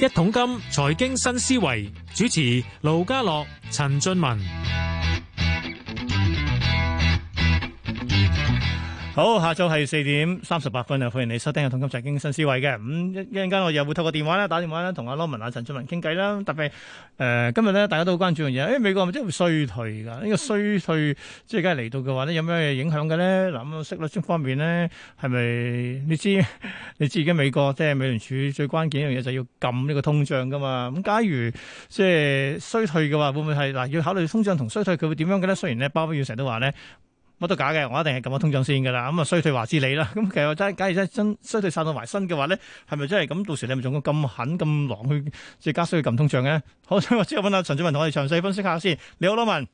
一桶金財經新思維主持：盧家樂、陳俊文。好，下晝係四點三十八分啊！歡迎你收聽《日同經濟》經新思維嘅咁一一陣間，我又會透過電話咧，打電話咧，同阿羅文、阿陳俊文傾偈啦。特別誒、呃，今日咧，大家都好關注一樣嘢，誒、哎，美國係咪真係會衰退噶？呢個衰退即係梗係嚟到嘅話咧，有咩影響嘅咧？嗱、啊、咁息率方面咧，係咪你知你自己美國即係美聯儲最關鍵一樣嘢，就要撳呢個通脹噶嘛？咁假如即係衰退嘅話，會唔會係嗱？要考慮通脹同衰退，佢會點樣嘅咧？雖然咧，鮑威爾成日都話咧。乜都假嘅，我一定係撳咗通脹先噶啦。咁啊，衰退話之你啦。咁其實我真，假如真真衰退散到埋身嘅話咧，係咪真係咁？到時你咪仲咁狠咁狼去即加衰去撳通脹嘅？好，我接下問下陳俊文同我哋詳細分析下先。你好，羅文。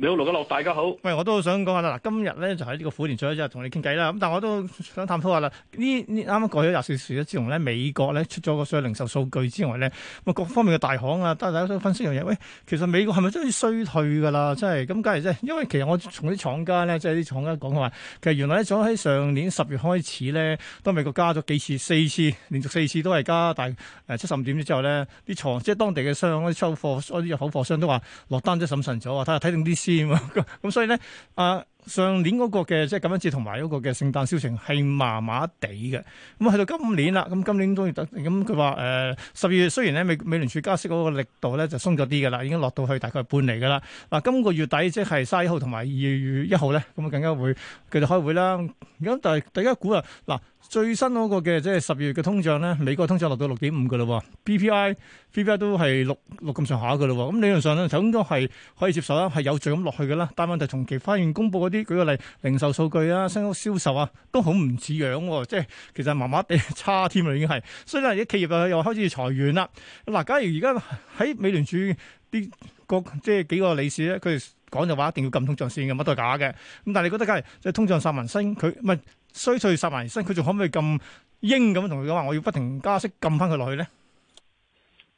你好，羅家樂，大家好。喂，我都想講下啦。嗱，今日咧就喺、是、呢個虎年最後一日同你傾偈啦。咁但係我都想探討下啦。呢啱啱過咗廿四小時之後咧，美國咧出咗個商業零售數據之外咧，咁各方面嘅大行啊，大家都想分析樣嘢。喂，其實美國係咪真係衰退㗎啦？真係咁，假如即係因為其實我從啲廠家咧，即係啲廠家講話，其實原來咧，早喺上年十月開始咧，當美國加咗幾次，四次連續四次都係加大誒七十五點之後咧，啲廠即係當地嘅商嗰啲收貨、嗰啲入口貨商都話落單都審慎咗啊，睇睇定啲。咁、 嗯、所以咧，啊。上年嗰個嘅即係咁樣子，同埋嗰個嘅聖誕銷情係麻麻地嘅。咁、嗯、啊，去到今年啦，咁今年都要咁佢話誒，十、嗯、二、呃、月雖然咧美美聯儲加息嗰個力度咧就鬆咗啲嘅啦，已經落到去大概半釐嘅啦。嗱、啊，今個月底即係三十一號同埋二月一號咧，咁啊更加會繼續開會啦。咁、嗯、但係大家估啊，嗱最新嗰個嘅即係十二月嘅通脹咧，美國通脹落到六點五嘅嘞，PPI PPI 都係六六咁上下嘅嘞。咁、嗯、理論上咧，就應該都係可以接受啦，係有序咁落去嘅啦。但係問題，從期花園公佈嗰啲。舉個例，零售數據啊，新屋銷售啊，都好唔似樣，即係其實麻麻地差添啦，已經係。所以咧，啲企業又又開始裁員啦。嗱、啊，假如而家喺美聯儲啲個即係幾個理事咧，佢哋講就話一定要撳通脹線嘅，乜都係假嘅。咁但係你覺得，梗係即係通脹殺埋身，佢唔係衰退殺埋身，佢仲可唔可以咁鷹咁同佢講話，我要不停加息撳翻佢落去咧？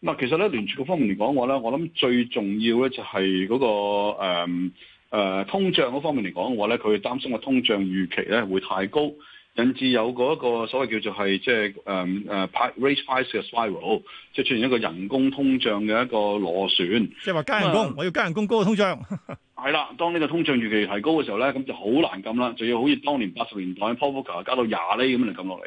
嗱，其實咧，聯儲嘅方面嚟講，我咧，我諗最重要咧就係嗰、嗰個誒。嗯誒通脹嗰方面嚟講嘅話咧，佢擔心個通脹預期咧會太高，引致有嗰一個所謂叫做係即係誒誒 wage price spiral 即係出現一個人工通脹嘅一個螺旋。即係話加人工，嗯、我要加人工，高個通脹。係 啦，當呢個通脹預期提高嘅時候咧，咁就好難撳啦，仲要好似當年八十年代的 Volcker 加到廿厘咁嚟撳落嚟。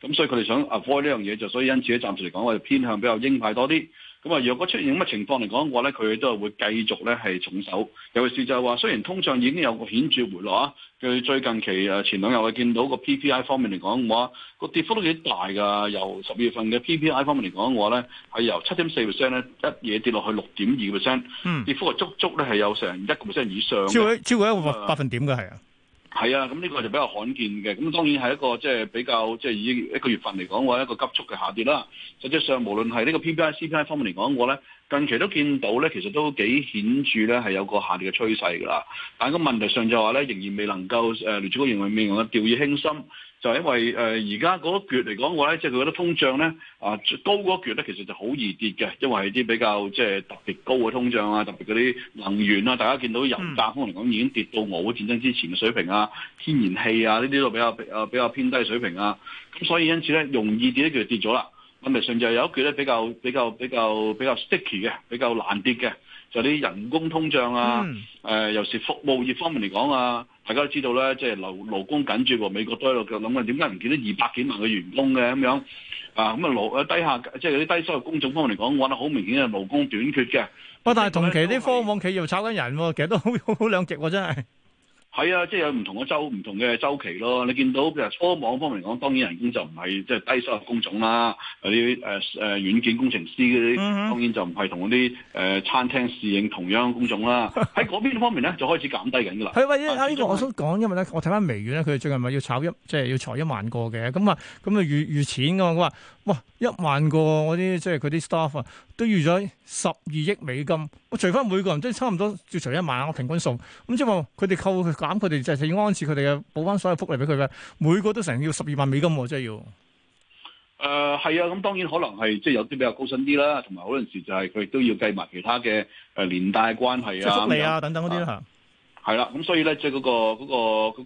咁、嗯、所以佢哋想 avoid 呢樣嘢就，所以因此咧暫時嚟講，我哋偏向比較鷹派多啲。咁啊，若果出現咁嘅情況嚟講嘅話咧，佢哋都係會繼續咧係重手。尤其是就係話，雖然通脹已經有個顯著回落啊，佢最近期啊，前兩日我見到個 PPI 方面嚟講嘅話，個跌幅都幾大㗎。由十二月份嘅 PPI 方面嚟講嘅話咧，係由七點四 percent 咧一嘢跌落去六點二 percent，跌幅係足足咧係有成一個 percent 以上，嗯、超過超過一個百分點嘅係啊。嗯係啊，咁呢個就比較罕見嘅，咁當然係一個即係、就是、比較即係以一個月份嚟講話一個急速嘅下跌啦。實際上無論係呢個 PPI、CPI 方面嚟講，我咧近期都見到咧，其實都幾顯著咧係有個下跌嘅趨勢㗎啦。但係個問題上就話咧，仍然未能夠誒、呃，聯儲局認為未能夠掉以輕心。就因為誒而家嗰橛嚟講話咧，即係佢覺得通脹咧啊，高嗰橛咧其實就好易跌嘅，因為啲比較即係、就是、特別高嘅通脹啊，特別嗰啲能源啊，大家見到油價可能講已經跌到俄烏戰爭之前嘅水平啊，天然氣啊呢啲都比較啊比，比較偏低水平啊，咁所以因此咧容易跌嘅就跌咗啦，咁咪上就有一橛咧比較比較比較比較 sticky 嘅，比較難跌嘅，就啲、是、人工通脹啊，誒、嗯呃、尤其是服務業方面嚟講啊。大家都知道咧，即係勞勞工緊住喎，美國都喺度諗緊點解唔見到二百幾萬嘅員工嘅咁樣啊，咁啊勞低下即係啲低收入工種方面嚟講，揾得好明顯係勞工短缺嘅。不過，但係同期啲科網企業炒緊人喎、啊，其實都好好兩極喎、啊，真係。係啊，即係有唔同嘅周，唔同嘅周期咯。你見到譬如初網方面嚟講，當然人工就唔係即係低收入工種啦。有啲誒誒軟件工程師嗰啲，嗯、哼當然就唔係同嗰啲誒餐廳侍應同樣工種啦。喺嗰 邊方面咧，就開始減低緊㗎啦。係，喂，啊，呢個我想講，因為咧，我睇翻微軟咧，佢最近咪要炒一，即係要裁一萬個嘅，咁啊，咁啊，預預錢㗎嘛。哇！一萬個嗰啲即係佢啲 staff 啊，都預咗十二億美金。除翻每個人都差唔多要除一萬，我平均數。咁即係佢哋扣減佢哋，佢哋就係要安置佢哋嘅，補翻所有福利俾佢嘅。每個都成要十二萬美金喎、啊，真係要。誒係、呃、啊，咁、嗯、當然可能係即係有啲比較高薪啲啦，同埋有陣時就係佢亦都要計埋其他嘅誒連帶關係啊，即係福利啊樣等等嗰啲嚇。係啦、啊，咁、啊嗯、所以咧即係嗰個嗰、嗰個、嗰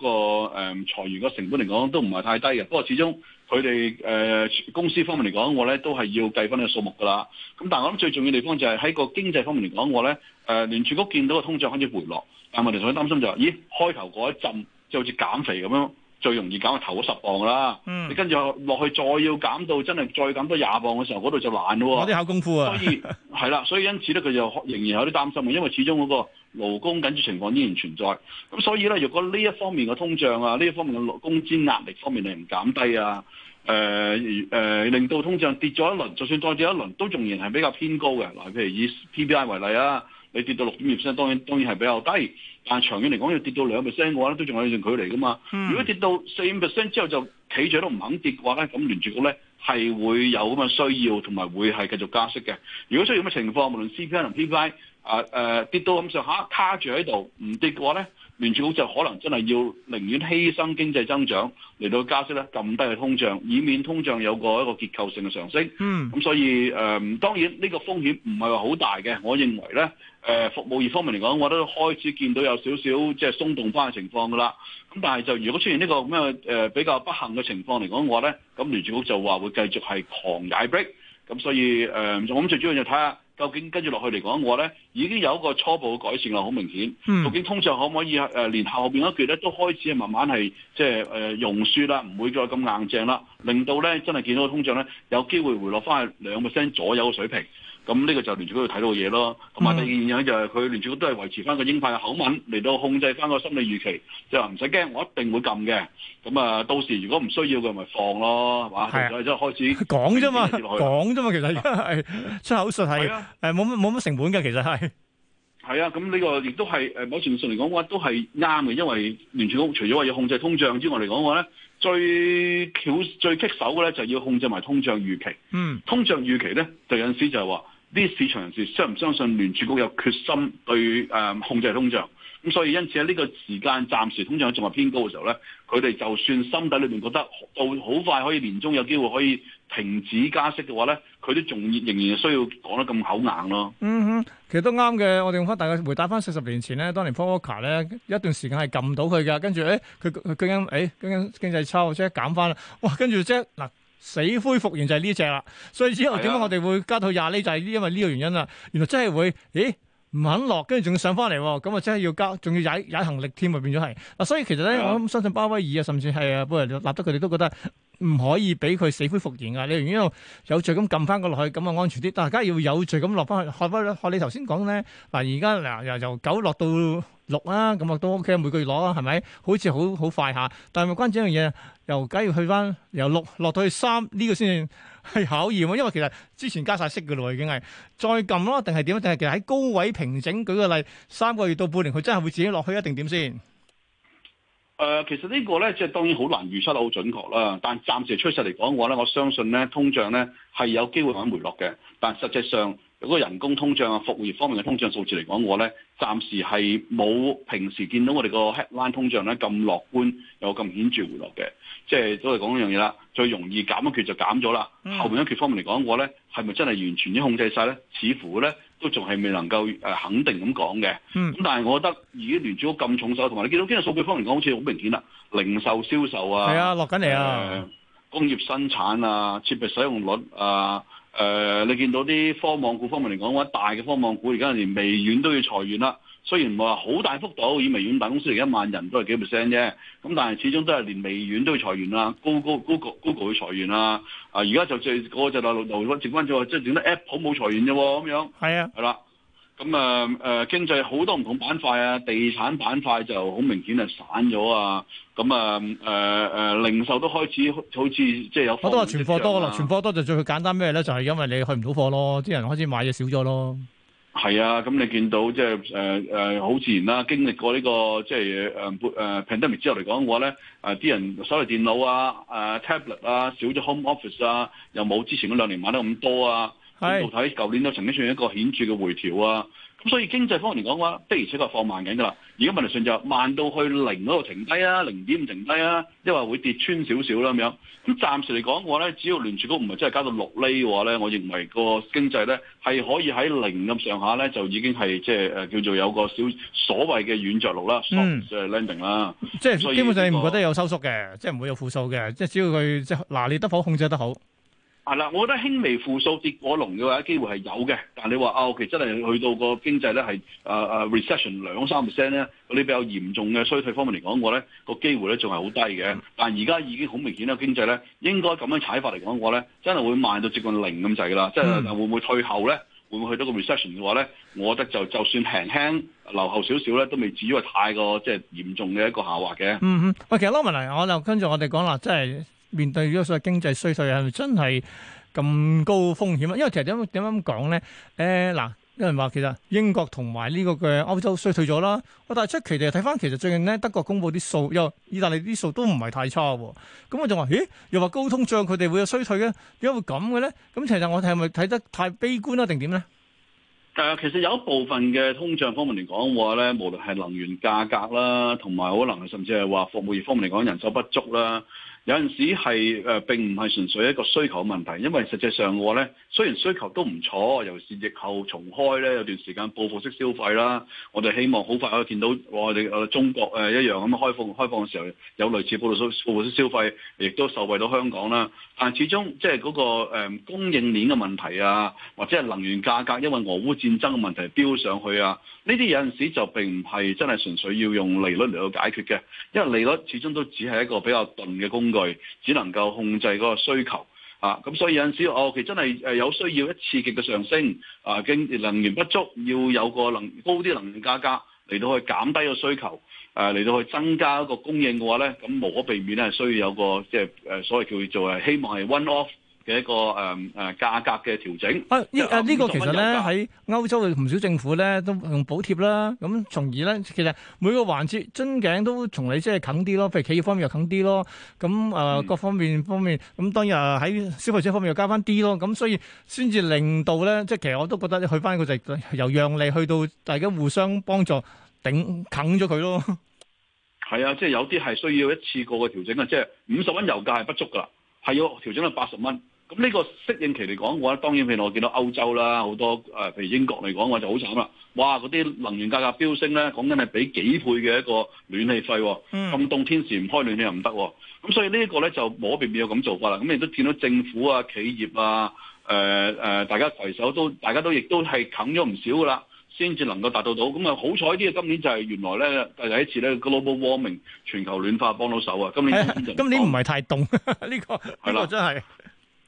個嗯、裁員個成本嚟講都唔係太低嘅，不過始終。佢哋誒公司方面嚟講，我咧都係要計翻個數目噶啦。咁但係我諗最重要地方就係喺個經濟方面嚟講，我咧誒聯儲局見到個通脹開始回落，但係問題上，佢擔心就話、是：咦，開頭嗰一陣就好似減肥咁樣。最容易減到頭十磅啦，你跟住落去再要減到真係再減多廿磅嘅時候，嗰度就難喎。嗰啲考功夫啊， 所以係啦，所以因此咧，佢就仍然有啲擔心喎，因為始終嗰個勞工緊住情況依然存在。咁所以咧，如果呢一方面嘅通脹啊，呢一方面嘅勞工資壓力方面你唔減低啊，誒、呃、誒、呃、令到通脹跌咗一輪，就算再跌一輪，都仍然係比較偏高嘅。嗱，譬如以 PBI 為例啊。你跌到六點二 percent，當然當然係比較低，但係長遠嚟講，要跌到兩 percent 嘅話咧，都仲有一段距離噶嘛。嗯、如果跌到四五 percent 之後就企住都唔肯跌嘅話咧，咁聯儲局咧係會有咁嘅需要，同埋會係繼續加息嘅。如果出現咁嘅情況，無論 CPI 同 PPI 啊、呃、誒、呃、跌到咁上下卡住喺度唔跌嘅話咧。聯儲局就可能真係要寧願犧牲經濟增長嚟到加息咧，咁低嘅通脹，以免通脹有個一個結構性嘅上升。嗯，咁所以誒、呃，當然呢個風險唔係話好大嘅。我認為咧，誒、呃、服務業方面嚟講，我都開始見到有少少即係鬆動翻嘅情況㗎啦。咁但係就如果出現呢、呢個咁樣、呃、比較不幸嘅情況嚟講嘅話咧，咁聯儲局就話會繼續係狂踩逼。咁所以誒，我、諗、最主要就睇下。究竟跟住落去嚟講，我咧已經有一個初步嘅改善啦，好明顯。嗯、究竟通脹可唔可以連後面一句咧都開始慢慢係即係誒融輸啦，唔會再咁硬淨啦，令到咧真係見到通脹咧有機會回落翻去兩個 percent 左右嘅水平。咁呢個就聯儲局度睇到嘢咯，同埋第二樣咧就係佢聯儲局都係維持翻個鷹派嘅口吻嚟到控制翻個心理預期，就係話唔使驚，我一定會撳嘅。咁啊，到時如果唔需要嘅，咪放咯，係啊，再即係開始講啫嘛，講啫嘛，其實係出口術係，係冇乜冇乜成本嘅，其實係係啊，咁呢個亦都係誒某程度上嚟講嘅話都係啱嘅，因為聯儲局除咗話要控制通脹之外嚟講嘅咧，最最棘手嘅咧就要控制埋通脹預期。嗯，通脹預期咧就有陣時就係話。啲市場人士相唔相信聯儲局有決心對誒控制通脹，咁所以因此喺呢個時間，暫時通脹仲係偏高嘅時候咧，佢哋就算心底裏面覺得到好快可以年終有機會可以停止加息嘅話咧，佢都仲仍然需要講得咁口硬咯。嗯哼，其實都啱嘅。我哋用翻，大概回答翻四十年前咧，當年 FOMC 咧一段時間係撳到佢㗎，跟住誒佢佢驚誒驚經濟差，即係減翻啦。哇，跟住即係嗱。死灰復燃就係呢隻啦，所以之後點解我哋會加到廿釐就係因為呢個原因啦。是啊、原來真係會，咦唔肯落，跟住仲要上翻嚟喎，咁啊真係要加，仲要踩踩行力添啊，變咗係。嗱，所以其實咧，是啊、我都相信鮑威爾啊，甚至係啊，包括納德佢哋都覺得。唔可以俾佢死灰復燃噶，你如果有有罪咁撳翻個落去，咁啊安全啲。但係而家要有罪咁落翻去，學翻學你頭先講咧，嗱而家嗱由由九落到六啊，咁啊都 OK，每個月攞啦，係咪？好似好好快下。但係咪關鍵一樣嘢？由梗係要去翻，由六落到去三呢個先係考驗喎。因為其實之前加晒息嘅咯，已經係再撳咯，定係點？定係其實喺高位平整，舉個例，三個月到半年，佢真係會自己落去一定點先？誒、呃，其實這個呢個咧，即係當然好難預測好準確啦。但暫時趨勢嚟講，我咧，我相信咧，通脹咧係有機會可以回落嘅。但實際上，如果人工通脹啊、服務業方面嘅通脹數字嚟講，我咧，暫時係冇平時見到我哋個 headline 通脹咧咁樂觀，有咁顯著回落嘅。即係都係講一樣嘢啦，最容易減一缺就減咗啦。嗯、後面一缺方面嚟講，我咧係咪真係完全已經控制晒咧？似乎咧。都仲係未能夠、呃、肯定咁講嘅，咁、嗯、但係我覺得而家聯儲局咁重手，同埋你見到經濟數據方面講，好似好明顯啦，零售銷售,售啊，係啊，落緊嚟啊，工業生產啊，設備使用率啊，呃、你見到啲科網股方面嚟講，我覺得大嘅科網股而家連微軟都要裁員啦。雖然唔係話好大幅度，以微軟大公司嚟一萬人都係幾 percent 啫，咁但係始終都係連微軟都要裁員啦，Google Google Google 會裁員啦，啊而家就最嗰、那個就係蘿蘿，整翻咗即係整得 App 好冇裁員啫，咁樣係啊，係啦，咁啊誒經濟好多唔同板塊啊，地產板塊就好明顯係散咗啊，咁啊誒誒零售都開始好似即係有好多話存貨多啦，存貨多，多就最簡單咩咧？就係因為你去唔到貨咯，啲人開始買嘢少咗咯。係啊，咁你見到即係誒誒好自然啦、啊，經歷過呢、呢個即係誒 pandemic 之後嚟講嘅話咧，啲、呃、人手提電腦啊、誒、呃、tablet 啊少咗 home office 啊，又冇之前嗰兩年買得咁多啊，一路睇舊年都曾經出現一個顯著嘅回調啊。所以經濟方面嚟講嘅話，的而且確放慢緊㗎啦。而家問題上就慢到去零嗰度停低啊，零點五停低啊，因為會跌穿少少啦咁樣。咁暫時嚟講嘅話咧，只要聯儲局唔係真係加到六厘嘅話咧，我認為個經濟咧係可以喺零咁上下咧就已經係即係、呃、叫做有個小所謂嘅軟着陸啦，即係、嗯 uh, landing 啦。即係所以基本上你唔覺得有收縮嘅，那個、即係唔會有負數嘅，那個、即係只要佢即係嗱你得否控制得好。係啦，我覺得輕微負數跌果龍嘅話，機會係有嘅。但係你話哦、啊，其、OK，真係去到個經濟咧係誒誒 recession 兩三 percent 咧，嗰啲、呃、比較嚴重嘅衰退方面嚟講嘅話咧，個機會咧仲係好低嘅。但係而家已經好明顯啦，經濟咧應該咁樣踩法嚟講嘅話咧，真係會慢到接近零咁滯啦。即、嗯、係會唔會退後咧？會唔會去到個 recession 嘅話咧？我覺得就就算平輕留後少少咧，都未至於太過即係嚴重嘅一個下滑嘅。嗯嗯，喂、OK，其實 Lorna 我就跟住我哋講啦，即係。面對呢個所謂經濟衰退係咪真係咁高風險啊？因為其實點點樣講咧？誒嗱、呃，有人話其實英國同埋呢個嘅歐洲衰退咗啦。我但係出奇地睇翻，其實最近咧德國公布啲數，又意大利啲數都唔係太差喎。咁我就話：咦，又話高通脹，佢哋會有衰退嘅？點解會咁嘅咧？咁其實我哋係咪睇得太悲觀啊？定點咧？但係，其實有一部分嘅通脹方面嚟講話咧，無論係能源價格啦，同埋可能甚至係話服務業方面嚟講人手不足啦。有陣時係誒、呃、並唔係純粹一個需求問題，因為實際上嘅話，咧，雖然需求都唔錯，尤其是疫後重開咧有段時間報復式消費啦，我哋希望好快可以見到我哋中國、呃、一樣咁開放開放嘅時候有類似報復式報復式消費，亦都受惠到香港啦。但始終即係嗰個、嗯、供應鏈嘅問題啊，或者係能源價格因為俄烏戰爭嘅問題飆上去啊，呢啲有陣時就並唔係真係純粹要用利率嚟到解決嘅，因為利率始終都只係一個比較鈍嘅工。佢只能夠控制嗰個需求啊，咁所以有陣時哦，其實真係誒有需要一次極嘅上升啊，經能源不足要有個能高啲能源價格嚟到去減低個需求，誒嚟到去增加一個供應嘅話咧，咁無可避免咧，需要有個即係誒所謂叫做係希望係 one off。嘅一個誒誒、嗯啊、價格嘅調整，啊呢啊呢、呢個其實咧喺歐洲嘅唔少政府咧都用補貼啦，咁從而咧其實每個環節樽頸都從嚟即係啃啲咯，譬如企業方面又啃啲咯，咁誒、嗯嗯、各方面方面，咁當然喺消費者方面又加翻啲咯，咁所以先至令到咧，即係其實我都覺得去翻個就由讓利去到大家互相幫助頂啃咗佢咯。係啊，即、就、係、是、有啲係需要一次過嘅調整啊，即係五十蚊油價係不足㗎啦，係要調整到八十蚊。咁呢個適應期嚟講嘅話，當然譬如我見到歐洲啦，好多誒，譬如英國嚟講嘅話就好慘啦。哇！嗰啲能源價格飆升咧，講緊係畀幾倍嘅一個暖氣費。咁凍、嗯、天時唔開暖氣又唔得。咁所以呢一個咧就無可避免咁做法啦。咁亦都見到政府啊、企業啊、誒、呃呃、大家攜手都大家都亦都係啃咗唔少噶啦，先至能夠達到到。咁啊好彩啲今年就係原來咧第第一次咧，global warming 全球暖化幫到手啊。今年今年唔係、哎、太凍呢個真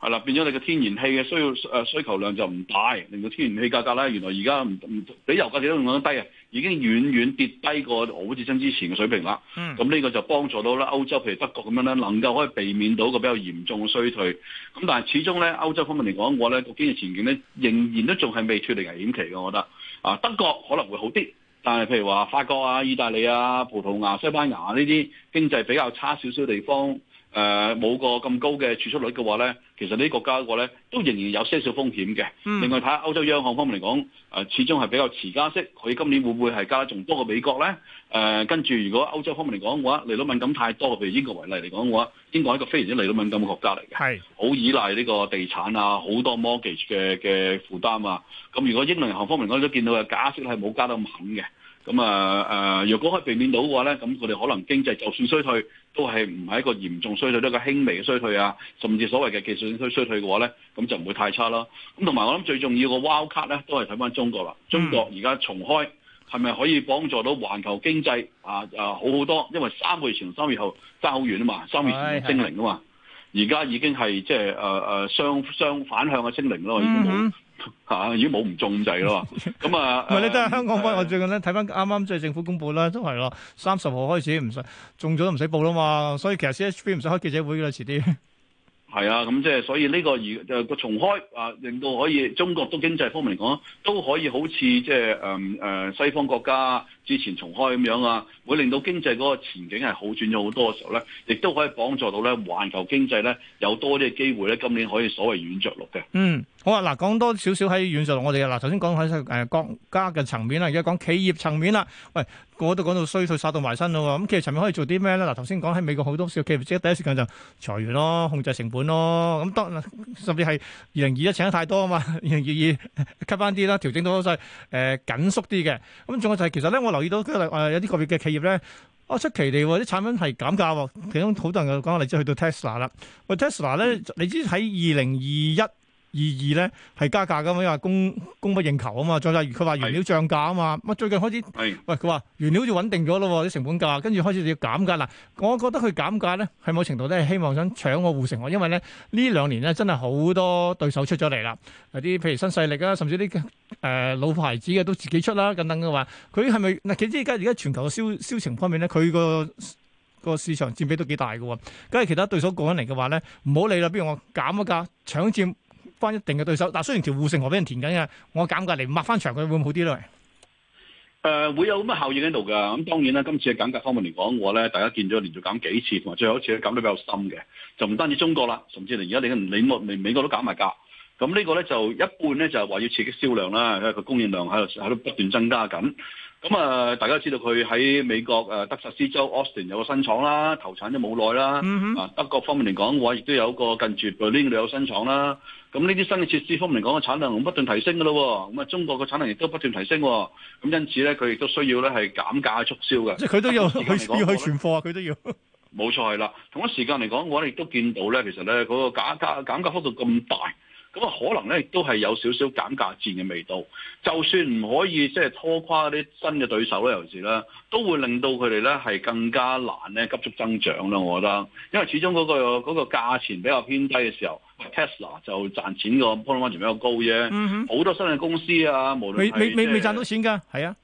係啦，變咗你個天然氣嘅需要誒需求量就唔大，令到天然氣價格咧，原來而家唔唔比油價都仲咁低嘅、啊，已經遠遠跌低過好似真之前嘅水平啦。咁呢、嗯、個就幫助到咧歐洲，譬如德國咁樣咧，能夠可以避免到個比較嚴重嘅衰退。咁但係始終咧歐洲方面嚟講，我咧個經濟前景咧仍然都仲係未脱離危險期嘅，我覺得。啊，德國可能會好啲，但係譬如話法國啊、意大利啊、葡萄牙、西班牙呢啲經濟比較差少少地方。誒冇個咁高嘅儲蓄率嘅話咧，其實呢啲國家嘅話咧都仍然有些少風險嘅。嗯、另外睇下歐洲央行方面嚟講、呃，始終係比較遲加息，佢今年會唔會係加得仲多過美國咧？誒、呃，跟住如果歐洲方面嚟講嘅話，利率敏感太多，譬如英國為例嚟講嘅話，英國係一個非常之利率敏感嘅國家嚟嘅，好是依賴呢個地產啊，好多 mortgage 嘅嘅負擔啊。咁如果英倫銀行方面我都見到嘅加息係冇加得咁狠嘅。咁啊，誒，若果可以避免到嘅話咧，咁佢哋可能經濟就算衰退，都係唔係一個嚴重衰退，都係一個輕微嘅衰退啊，甚至所謂嘅技術性衰衰退嘅話咧，咁就唔會太差咯。咁同埋我諗最重要個 Wildcard 咧，都係睇翻中國啦。中國而家重開，係咪可以幫助到環球經濟啊？啊，好好多，因為三個月前、三個月後差好遠啊嘛，三個月前清零啊嘛，而家的已經係即係誒誒雙雙反向嘅清零咯，已經、嗯。冇。吓，如果冇唔中制滯咯，咁啊，係你都係香港。我最近咧睇翻啱啱即係政府公布啦，都係咯，三十號開始唔使中咗都唔使報啦嘛。所以其實 C H P 唔使開記者會嘅啦，遲啲係啊。咁即係所以呢個而誒個重開啊，令到可以中國都經濟方面嚟講，都可以好似即係誒誒西方國家之前重開咁樣啊，會令到經濟嗰個前景係好轉咗好多嘅時候咧，亦都可以幫助到咧環球經濟咧有多啲嘅機會咧，今年可以所謂軟着陸嘅。嗯。好啊！嗱，講多少少喺遠上，我哋嘅。嗱，頭先講喺誒國家嘅層面啦，而家講企業層面啦。喂，我都講到衰退殺到埋身啦喎。咁企業層面可以做啲咩咧？嗱，頭先講喺美國好多小企業即係第一時間就裁員咯，控制成本咯。咁當甚至係二零二一請得太多啊嘛，二零二二 cut 翻啲啦，調整到嗰勢誒緊縮啲嘅。咁仲有就係、是、其實咧，我留意到佢誒、呃、有啲個別嘅企業咧，我、哦、出奇地啲產品係減價喎。其中好多人講嘅例子去到 Tesla 啦，喂 Tesla 咧，嗯、你知喺二零二一。意義咧係加價噶嘛？又供供不應求啊嘛！再就佢話原料漲價啊嘛！咁最近開始，喂佢話原料就穩定咗咯、啊，啲成本價跟住開始就要減價啦。我覺得佢減價咧，喺某程度都係希望想搶個護城河，因為咧呢這兩年咧真係好多對手出咗嚟啦。有啲譬如新勢力啊，甚至啲誒、呃、老牌子嘅都自己出啦，等等嘅話，佢係咪嗱？其實而家而家全球嘅銷銷情方面咧，佢個個市場佔比都幾大嘅喎。梗係其他對手過緊嚟嘅話咧，唔好理啦，不如我減個價搶佔。關一定嘅對手，但雖然條護城河俾人填緊嘅，我減價嚟抹翻長佢會唔會好啲咧？誒、呃，會有咁嘅效應喺度噶咁當然啦，今次嘅減價方面嚟講，我咧大家見咗連續減幾次，同埋最後一次咧減得比較深嘅，就唔單止中國啦，甚至連而家你你美美國都減埋價。咁呢個咧就一半咧就係話要刺激銷量啦，因為個供應量喺度喺度不斷增加緊。咁啊、嗯，大家知道佢喺美國誒德薩斯州 Austin 有個新廠啦，投產都冇耐啦。啊、嗯哼，德國方面嚟講，我亦都有個近住 Berlin 有個新廠啦。咁呢啲新嘅設施方面嚟講，個產量不斷提升嘅咯。咁啊，中國個產量亦都不斷提升。咁因此咧，佢亦都需要咧係減價促銷嘅。即係佢都要，佢要去存貨，佢都要。冇錯係啦。同一時間嚟講，我哋亦都見到咧，其實咧嗰個減價減價幅度咁大。咁啊，可能咧亦都係有少少減價戰嘅味道。就算唔可以即係拖垮啲新嘅對手咧，尤其是咧，都會令到佢哋咧係更加難咧急速增長咯。我覺得，因為始終嗰個嗰個價錢比較偏低嘅時候，Tesla 就賺錢個 profit margin 比較高啫。嗯哼，好多新嘅公司啊，無論係冇未未未未賺到錢㗎，係啊，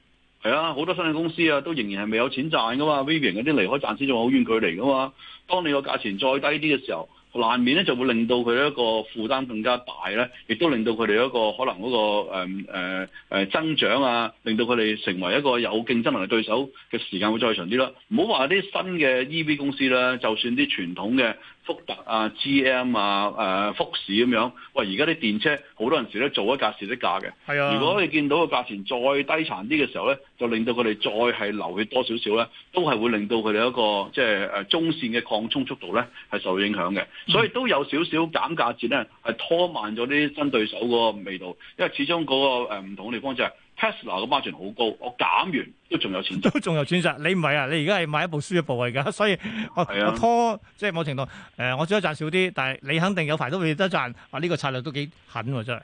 係啊，好多新嘅公司啊，都仍然係未有錢賺噶嘛。Vivian 嗰啲離開賺錢仲好遠距離㗎嘛。當你個價錢再低啲嘅時候。難免咧就會令到佢一個負擔更加大咧，亦都令到佢哋一個可能嗰個誒誒、呃呃、增長啊，令到佢哋成為一個有競爭力嘅對手嘅時間會再長啲啦。唔好話啲新嘅 EV 公司啦，就算啲傳統嘅。福特啊、GM 啊、誒福士咁樣，喂！而家啲電車好多陣時咧做一價是的價嘅，係啊！如果你見到個價錢再低殘啲嘅時候咧，就令到佢哋再係流血多少少咧，都係會令到佢哋一個即係誒中線嘅擴充速度咧係受影響嘅，所以都有少少減價戰咧係拖慢咗啲新對手嗰個味道，因為始終嗰、嗰個唔、呃、同嘅地方就係、係。Tesla 嘅 Margin 好高，我減完也還都仲有錢賺，都仲有錢賺。你唔係啊？你而家係買一部輸一部啊！而家所以我，是、啊、我拖即係某程度誒、呃，我多賺少啲，但係你肯定有排都會得賺。話、啊、呢、這個策略都幾狠喎，真係。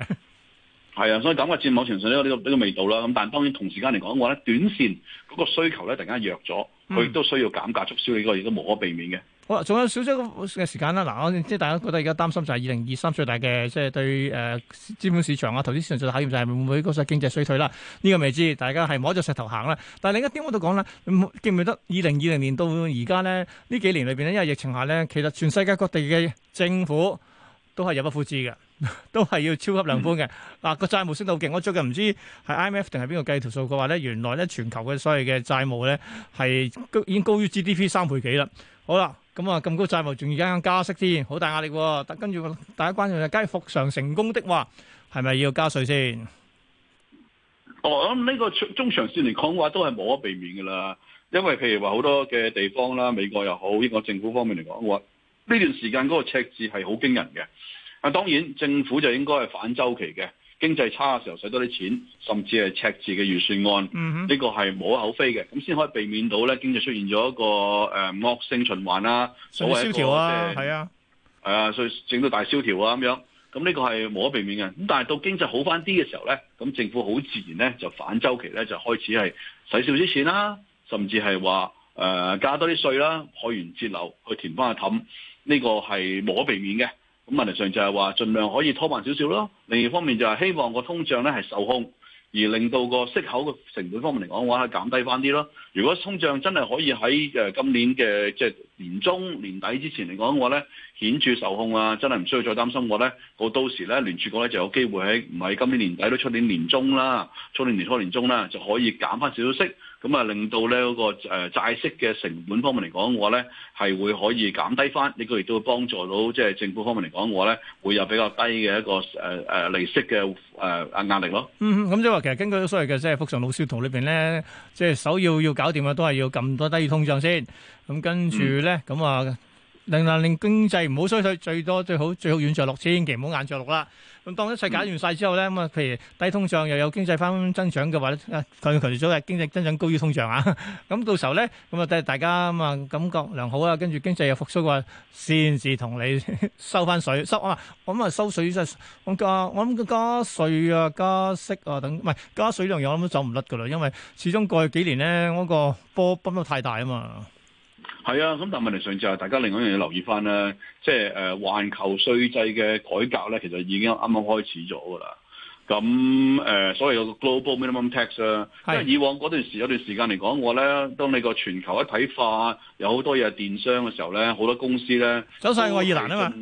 係啊，所以減價戰某程度都有呢個呢、這個這個味道啦。咁但係當然同時間嚟講，我咧短線嗰個需求咧突然間弱咗，佢都需要減價促銷，呢個亦都無可避免嘅。好啦，仲有少少嘅時間啦。嗱，我即係大家覺得而家擔心就係二零二三最大嘅，即、就、係、是、對誒資本市場啊、投資市場最大考驗就係會唔會嗰個經濟衰退啦？呢、這個未知，大家係摸着石頭行啦。但係另一點我都講啦，記唔記得二零二零年到而家咧呢幾年裏邊咧，因為疫情下咧，其實全世界各地嘅政府都係入不敷支嘅，都係要超級量寬嘅。嗱、嗯，個、啊、債務升到勁，我最近唔知係 IMF 定係邊個計條數的話呢，佢話咧原來咧全球嘅所有嘅債務咧係已經高於 GDP 三倍幾啦。好啦。咁啊，咁高債務仲要加加息先好大壓力。跟住大家關注，如果復常成功的話，係咪要加稅先？我諗呢個中長線嚟講嘅話，都係冇得避免㗎啦。因為譬如話好多嘅地方啦，美國又好，英國政府方面嚟講，呢段時間嗰個赤字係好驚人嘅。啊，當然政府就應該係反周期嘅。經濟差嘅時候使多啲錢，甚至係赤字嘅預算案，嗯哼，呢個係無可厚非嘅，咁先可以避免到咧經濟出現咗一個誒、呃、惡性循環蕭條啊，所謂一好啊。係啊，係啊，所以整到大蕭條啊咁樣，咁呢個係無可避免嘅。咁但係到經濟好翻啲嘅時候咧，咁政府好自然咧就反周期咧就開始係使少啲錢啦，甚至係話誒加多啲稅啦，開源節流去填翻個氹，呢個係無可避免嘅。咁問題上就係話盡量可以拖慢少少咯，另一方面就係希望個通脹咧係受控，而令到個息口嘅成本方面嚟講嘅話減低翻啲咯。如果通脹真係可以喺今年嘅即係年中年底之前嚟講嘅話咧，顯著受控啊，真係唔需要再擔心我咧，我到時咧聯儲局咧就有機會喺唔係今年年底都出年年中啦，出年年初年中啦，就可以減翻少少息。咁啊，令到咧嗰個誒債息嘅成本方面嚟講嘅話咧係會可以減低翻，呢個亦都會幫助到即係政府方面嚟講嘅話咧會有比較低嘅一個誒誒利息嘅誒壓力咯。嗯，咁即係話其實根據所謂嘅即係復常路線圖裏面咧，即係首要要搞掂嘅都係要撳多低於通脹先。咁跟住咧，咁、嗯、啊。令令令經濟唔好衰退，最多最好最好軟着陸，千祈唔好硬着陸啦。咁當一切搞完曬之後咧，咁啊，譬如低通脹又有經濟翻增長嘅話咧，強強調咗啊，經濟增長高於通脹啊。咁到時候咧，咁啊，大大家咁啊感覺良好啊，跟住經濟又復甦嘅話，先至同你收翻水收啊，我諗啊收水即係我加我諗加稅啊、加息啊等，唔係加水量嘢，我諗都走唔甩噶啦，因為始終過去幾年咧嗰個波崩得太大啊嘛。係啊，咁但係問題上就係、是，大家另外一樣嘢留意翻咧，即係誒環球稅制嘅改革咧，其實已經啱啱開始咗噶啦。咁誒、呃，所謂個 Global Minimum Tax 啊，即係是以往嗰段時有段時間嚟講，我咧當你個全球一體化，有好多嘢電商嘅時候咧，好多公司咧走晒愛爾蘭啊嘛，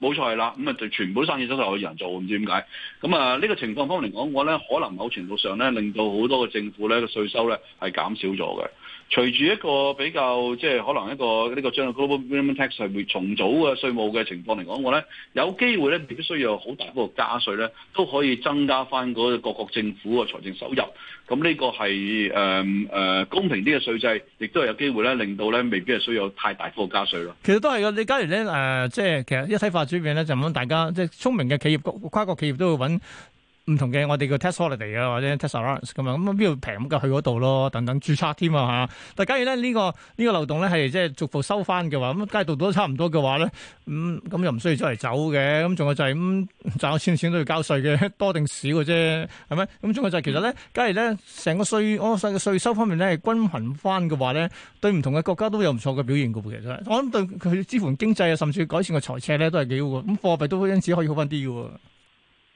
冇錯啦。咁啊，就全部生意走晒去愛爾蘭做，唔知點解。咁啊，呢個情況方面嚟講，我咧可能某程度上咧，令到好多嘅政府咧個稅收咧係減少咗嘅。隨住一個比較即係可能一個呢個將 global minimum tax 係會重組嘅稅務嘅情況嚟講，我咧有機會咧未必需要好大幅加稅咧，都可以增加翻嗰個各國政府嘅財政收入。咁呢個係誒誒公平啲嘅稅制，亦都係有機會咧令到咧未必係需要太大幅加稅咯、呃。其實都係噶，你假如咧誒，即係其實一體化轉變咧，就揾大家即係聰明嘅企業跨國企業都會揾。唔同嘅我哋嘅 tax holiday 啊，或者 tax allowance 咁啊，咁啊邊度平咁去嗰度咯，等等註冊添啊嚇。但假如咧、這、呢個呢、呢個漏洞咧係即係逐步收翻嘅話，咁街道都差唔多嘅話咧，咁、嗯、咁又唔需要出嚟走嘅，咁仲有就係、是、咁、嗯、賺咗錢，錢都要交稅嘅，多定少嘅啫，係咪？咁仲有就係其實咧，假如咧成個稅我、哦、個稅稅收方面咧係均衡翻嘅話咧，對唔同嘅國家都有唔錯嘅表現嘅。其實我諗對佢資本經濟啊，甚至改善個財赤咧都係幾好嘅，咁貨幣都因此可以好翻啲嘅。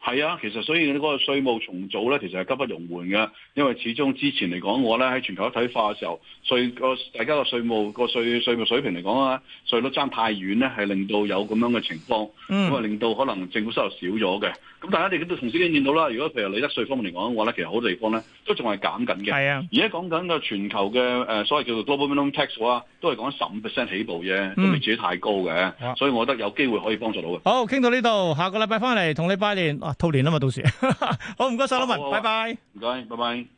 係啊，其實所以嗰個稅務重組咧，其實係急不容緩嘅，因為始終之前嚟講，我咧喺全球一體化嘅時候，稅個大家個稅務個稅稅務水平嚟講啊，稅率爭太遠咧，係令到有咁樣嘅情況，咁啊、嗯、令到可能政府收入少咗嘅。咁大家你都同時已經見到啦。如果譬如你得稅方面嚟講嘅話咧，其實好多地方咧都仲係減緊嘅。係啊，而家講緊個全球嘅、呃、所謂叫做 global minimum tax 啊，都係講十五 percent 起步啫，都未至於太高嘅。所以我覺得有機會可以幫助到嘅。好，傾到呢度，下個禮拜翻嚟同你拜年。套年 謝謝，好好好啊嘛，到時好唔該晒老闆，拜拜，唔該，拜拜。